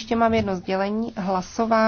Ještě mám jedno sdělení. Hlasování.